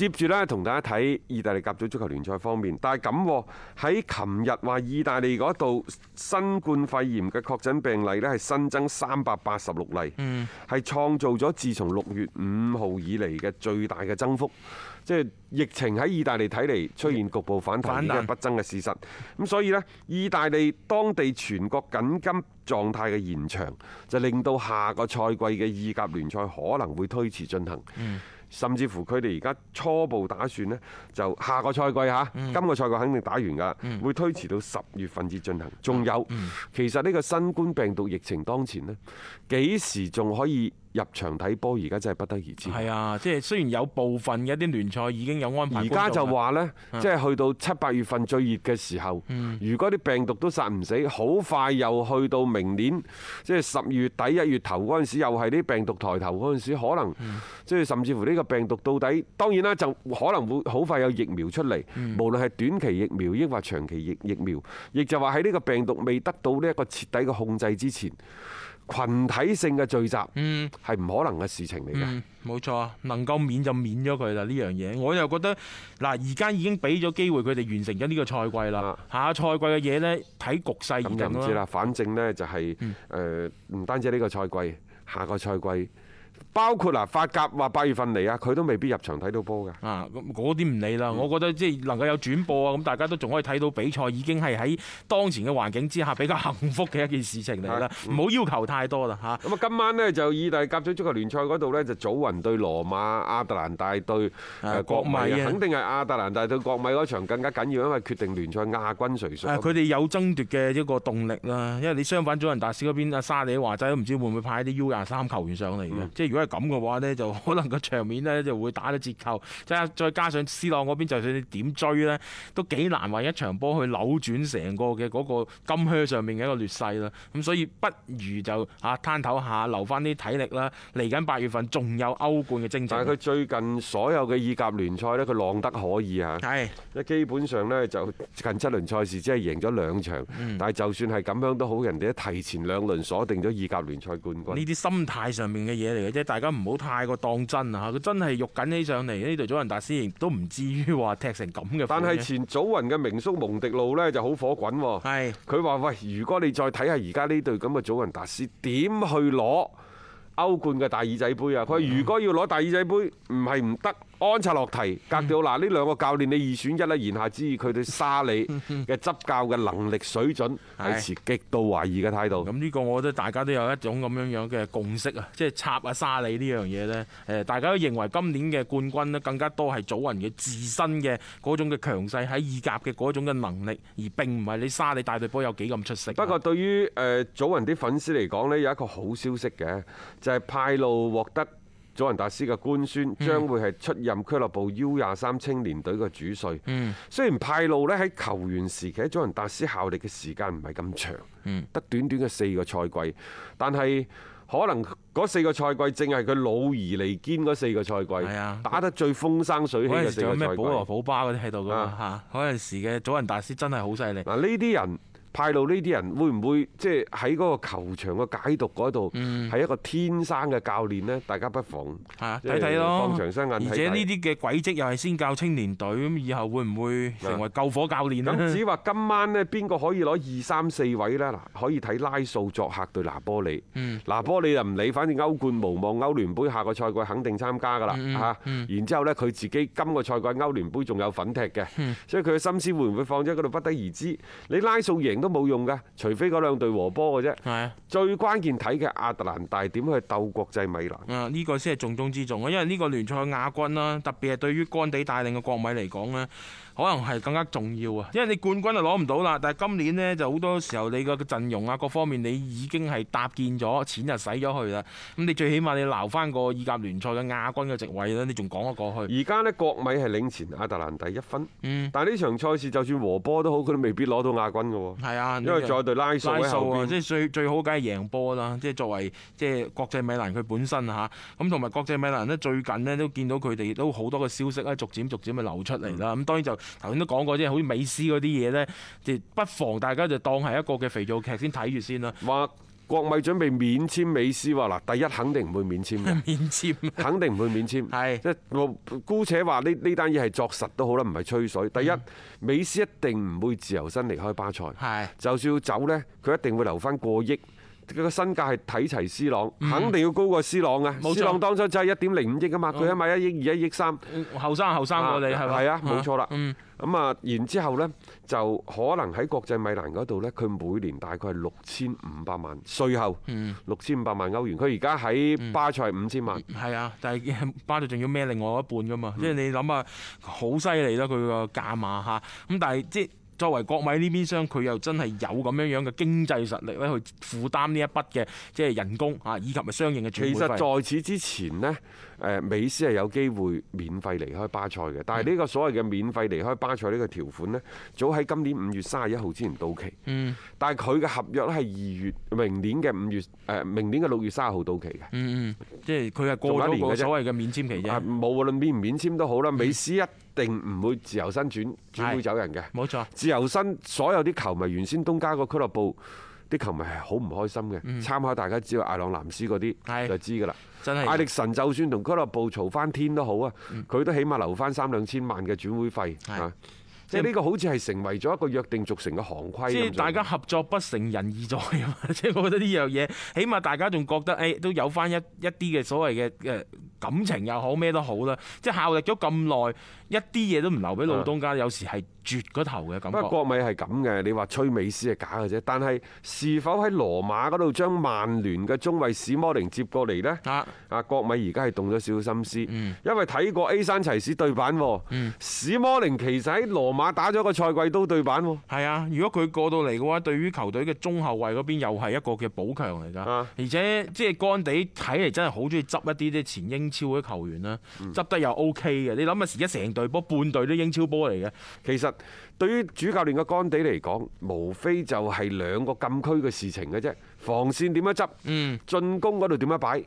接住呢，同大家睇意大利甲組足球聯賽方面，但係咁喎，喺琴日話意大利嗰度新冠肺炎嘅確診病例呢，係新增三百八十六例，係、嗯、創造咗自從六月五號以嚟嘅最大嘅增幅，即係疫情喺意大利睇嚟出現局部反，反彈不爭嘅事實。咁所以呢，意大利當地全國緊急狀態嘅延長，就令到下個賽季嘅意甲聯賽可能會推遲進行。嗯甚至乎佢哋而家初步打算呢，就下個賽季吓，嗯、今個賽季肯定打完㗎，嗯、會推遲到十月份至進行。仲有，其實呢個新冠病毒疫情當前呢，幾時仲可以入場睇波而家真係不得而知。係啊，即係雖然有部分嘅啲聯賽已經有安排。而家就話呢，即係去到七八月份最熱嘅時候，如果啲病毒都殺唔死，好快又去到明年，即係十月底一月頭嗰陣時，又係啲病毒抬頭嗰陣時，可能即係甚至乎呢個病毒到底，當然啦，就可能會好快有疫苗出嚟。無論係短期疫苗抑或長期疫疫苗，亦就話喺呢個病毒未得到呢一個徹底嘅控制之前。群體性嘅聚集，係唔可能嘅事情嚟嘅、嗯。冇錯，能夠免就免咗佢啦。呢樣嘢，我又覺得嗱，而家已經俾咗機會佢哋完成咗呢個賽季啦。下賽季嘅嘢呢，睇局勢而定、嗯、就唔知啦。反正呢，就係誒，唔單止呢個賽季，下個賽季。包括嗱，法甲話八月份嚟啊，佢都未必入場睇到波㗎。啊，嗰啲唔理啦。嗯、我覺得即係能夠有轉播啊，咁大家都仲可以睇到比賽，已經係喺當前嘅環境之下比較幸福嘅一件事情嚟啦。唔好、嗯、要，要求太多啦嚇。咁、嗯、啊，今晚呢，就意大利甲組足球聯賽嗰度呢，就祖雲對羅馬、亞特蘭大對國米，肯定係亞特蘭大對國米嗰場更加緊要，因為決定聯賽亞軍誰屬。佢哋有爭奪嘅一個動力啦。因為你相反祖雲達斯嗰邊阿沙利華仔都唔知會唔會派啲 U 廿三球員上嚟嘅，嗯、即係如果。咁嘅話呢，就可能個場面呢就會打咗折扣，即係再加上 C 朗嗰邊，就算你點追呢，都幾難為一場波去扭轉成個嘅嗰個金靴上面嘅一個劣勢啦。咁所以不如就啊攤唞下，留翻啲體力啦。嚟緊八月份仲有歐冠嘅精彩，但係佢最近所有嘅意甲聯賽呢，佢浪得可以嚇。係是，基本上呢，就近七輪賽事只係贏咗兩場，嗯、但係就算係咁樣都好，人哋都提前兩輪鎖定咗意甲聯賽冠軍。呢啲心態上面嘅嘢嚟嘅啫。大家唔好太過當真啊！佢真係喐緊起上嚟呢隊祖雲達斯，亦都唔至於話踢成咁嘅。但係前祖雲嘅名宿蒙迪路呢就好火滾，佢話：喂，如果你再睇下而家呢隊咁嘅祖雲達斯點去攞歐冠嘅大耳仔杯啊？佢話如果要攞大耳仔杯，唔係唔得。安察洛提格調娜呢兩個教練，你二選一啦。言下之意，佢對沙利嘅執教嘅能力水準係持極度懷疑嘅態度。咁呢個我覺得大家都有一種咁樣樣嘅共識啊，即係插下沙利呢樣嘢呢。誒，大家都認為今年嘅冠軍咧更加多係祖雲嘅自身嘅嗰種嘅強勢，喺意甲嘅嗰種嘅能力，而並唔係你沙利帶隊波有幾咁出色。不過對於誒祖雲啲粉絲嚟講呢，有一個好消息嘅，就係、是、派路獲得。祖雲達斯嘅官宣將會係出任俱樂部 U 廿三青年隊嘅主帥。嗯，雖然派路呢喺球員時期喺祖雲達斯效力嘅時間唔係咁長，得短短嘅四個賽季，但係可能嗰四個賽季正係佢老而彌堅嗰四個賽季，係啊，打得最風生水起嘅四個賽季。有咩保羅普巴嗰啲喺度㗎？嚇，嗰陣時嘅祖雲達斯真係好犀利。嗱，呢啲人。派路呢啲人會唔會即係喺嗰個球場嘅解讀嗰度，係一個天生嘅教練咧？大家不妨睇睇咯，看看而且呢啲嘅軌跡又係先教青年隊，咁以後會唔會成為救火教練？咧、啊？咁只話今晚咧，邊個可以攞二三四位啦？嗱，可以睇拉素作客對拿波利。嗯、拿波利就唔理，反正歐冠無望，歐聯杯下個賽季肯定參加噶啦、嗯。嚇、嗯，然之後咧，佢自己今個賽季歐聯杯仲有粉踢嘅，所以佢嘅心思會唔會放咗喺度不得而知。你拉素贏。都冇用噶，除非嗰兩隊和波嘅啫。係啊，最關鍵睇嘅亞特蘭大點去鬥國際米蘭，嗯。啊，呢個先係重中之重啊，因為呢個聯賽亞軍啦，特別係對於干地帶領嘅國米嚟講呢可能係更加重要啊。因為你冠軍就攞唔到啦，但係今年呢，就好多時候你個陣容啊各方面你已經係搭建咗，錢就使咗去啦。咁你最起碼你留翻個意甲聯賽嘅亞軍嘅席位呢，你仲講得過去。而家呢，國米係領前亞特蘭大一分，嗯，但係呢場賽事就算和波都好，佢都未必攞到亞軍嘅。係啊，因為仲有對拉數啊，即係最最好梗係贏波啦，即係作為即係國際米蘭佢本身嚇，咁同埋國際米蘭呢，最近呢都見到佢哋都好多嘅消息咧，逐漸逐漸咪流出嚟啦，咁當然就頭先都講過，即係好似美斯嗰啲嘢呢，即係不妨大家就當係一個嘅肥皂劇先睇住先啦。國米準備免簽美斯，話嗱，第一肯定唔會免簽嘅，免簽肯定唔會免簽，係即我姑且話呢呢單嘢係作實都好啦，唔係吹水。第一，美斯一定唔會自由身離開巴塞，係是 就算要走呢，佢一定會留翻過億。佢個身價係睇齊 C 朗，肯定要高過 C 朗嘅。C 朗當初就係一點零五億啊嘛，佢起碼一億二、一億三。後生後生，我哋係咪？係啊，冇錯啦。咁啊，然之後呢，就可能喺國際米蘭嗰度呢，佢每年大概係六千五百萬稅後，六千五百萬歐元。佢而家喺巴塞五千萬。係啊，但係巴塞仲要孭另外一半噶嘛？即係、嗯、你諗下，好犀利啦佢個價碼嚇。咁但係即作為國米呢邊商，佢又真係有咁樣樣嘅經濟實力咧去負擔呢一筆嘅即係人工啊，以及咪相應嘅轉會費。其實在此之前呢。誒，美斯係有機會免費離開巴塞嘅，但係呢個所謂嘅免費離開巴塞呢個條款呢，早喺今年五月三十一號之前到期。嗯，但係佢嘅合約咧係二月明年嘅五月誒，明年嘅六月三十號到期嘅。嗯嗯，即係佢係過咗年嘅所謂嘅免簽期啫。無論免唔免簽都好啦，美斯一定唔會自由身轉轉會走人嘅。冇錯，自由身所有啲球迷原先東家個俱樂部。啲球迷係好唔開心嘅，參考大家知道艾朗藍斯嗰啲就知㗎啦。艾力神就算同俱樂部嘈翻天都好啊，佢都起碼留翻三兩千萬嘅轉會費啊。即係呢個好似係成為咗一個約定俗成嘅行規咁。即係大家合作不成仁義在啊！即係我覺得呢樣嘢，起碼大家仲覺得誒都有返一一啲嘅所謂嘅誒感情又好咩都好啦。即係效力咗咁耐，一啲嘢都唔留俾老東家，有時係絕個頭嘅感覺。不過國米係咁嘅，你話吹美斯係假嘅啫。但係是否喺羅馬嗰度將曼聯嘅中衛史摩寧接過嚟呢？啊啊！國米而家係動咗少少心思，因為睇過 A 山齊士對版喎。史摩寧其實喺羅。打咗個賽季都對版喎，係啊。如果佢過到嚟嘅話，對於球隊嘅中後衛嗰邊又係一個嘅補強嚟㗎。而且即係干地睇嚟真係好中意執一啲啲前英超嘅球員啦，執得又 OK 嘅。你諗下，而家成隊波半隊都英超波嚟嘅。其實對於主教練嘅干地嚟講，無非就係兩個禁區嘅事情嘅啫，防線點樣執，進攻嗰度點樣擺。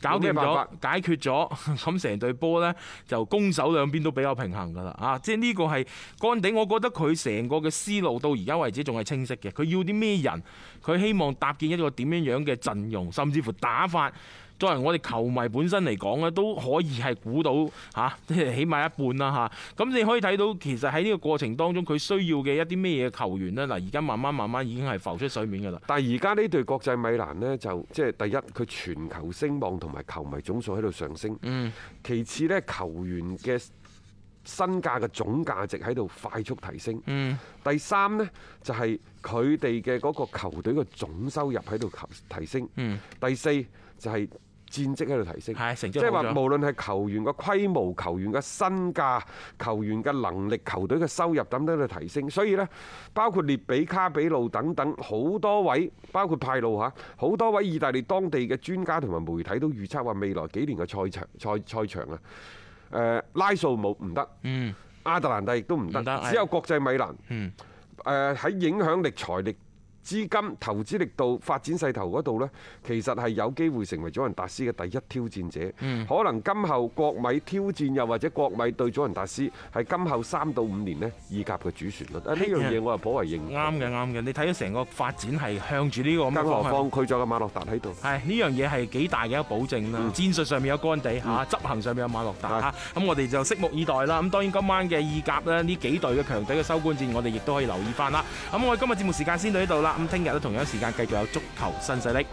搞掂咗，解決咗，咁成隊波呢，就攻守兩邊都比較平衡噶啦啊！即係呢個係干地，我覺得佢成個嘅思路到而家為止仲係清晰嘅。佢要啲咩人？佢希望搭建一個點樣樣嘅陣容，甚至乎打法。作為我哋球迷本身嚟講咧，都可以係估到嚇，即、啊、係起碼一半啦嚇。咁、啊、你可以睇到，其實喺呢個過程當中，佢需要嘅一啲咩嘢球員呢？嗱，而家慢慢慢慢已經係浮出水面㗎喇。但係而家呢隊國際米蘭呢，就即係第一，佢全球聲望同埋球迷總數喺度上升；嗯、其次呢，球員嘅身價嘅總價值喺度快速提升；嗯、第三呢，就係佢哋嘅嗰個球隊嘅總收入喺度提升；嗯、第四就係、是。戰績喺度提升，即係話無論係球員個規模、球員嘅身價、球員嘅能力、球隊嘅收入等等喺度提升，所以呢，包括列比卡比路等等好多位，包括派路嚇好多位意大利當地嘅專家同埋媒體都預測話未來幾年嘅賽場賽賽場啊，拉素冇唔得，亞特蘭大亦都唔得，只有國際米蘭，誒喺影響力、財力、資金、投資力度、發展勢頭嗰度呢，其實係有機會成為祖雲達斯嘅第一挑戰者。可能今後國米挑戰又或者國米對祖雲達斯係今後三到五年呢，意甲嘅主旋律。呢樣嘢我係頗為認同。啱嘅，啱嘅。你睇咗成個發展係向住呢、這個咩方向？加佢作嘅馬洛達喺度。係呢樣嘢係幾大嘅一個保證啦。對 戰術上面有干地嚇，執行上面有馬洛達嚇。咁對 對 我哋就拭目以待啦。咁當然今晚嘅意甲呢，呢幾隊嘅強隊嘅收官戰，我哋亦都可以留意翻啦。咁我哋今日節目時間先到呢度啦。咁聽日都同樣時間繼續有足球新勢力。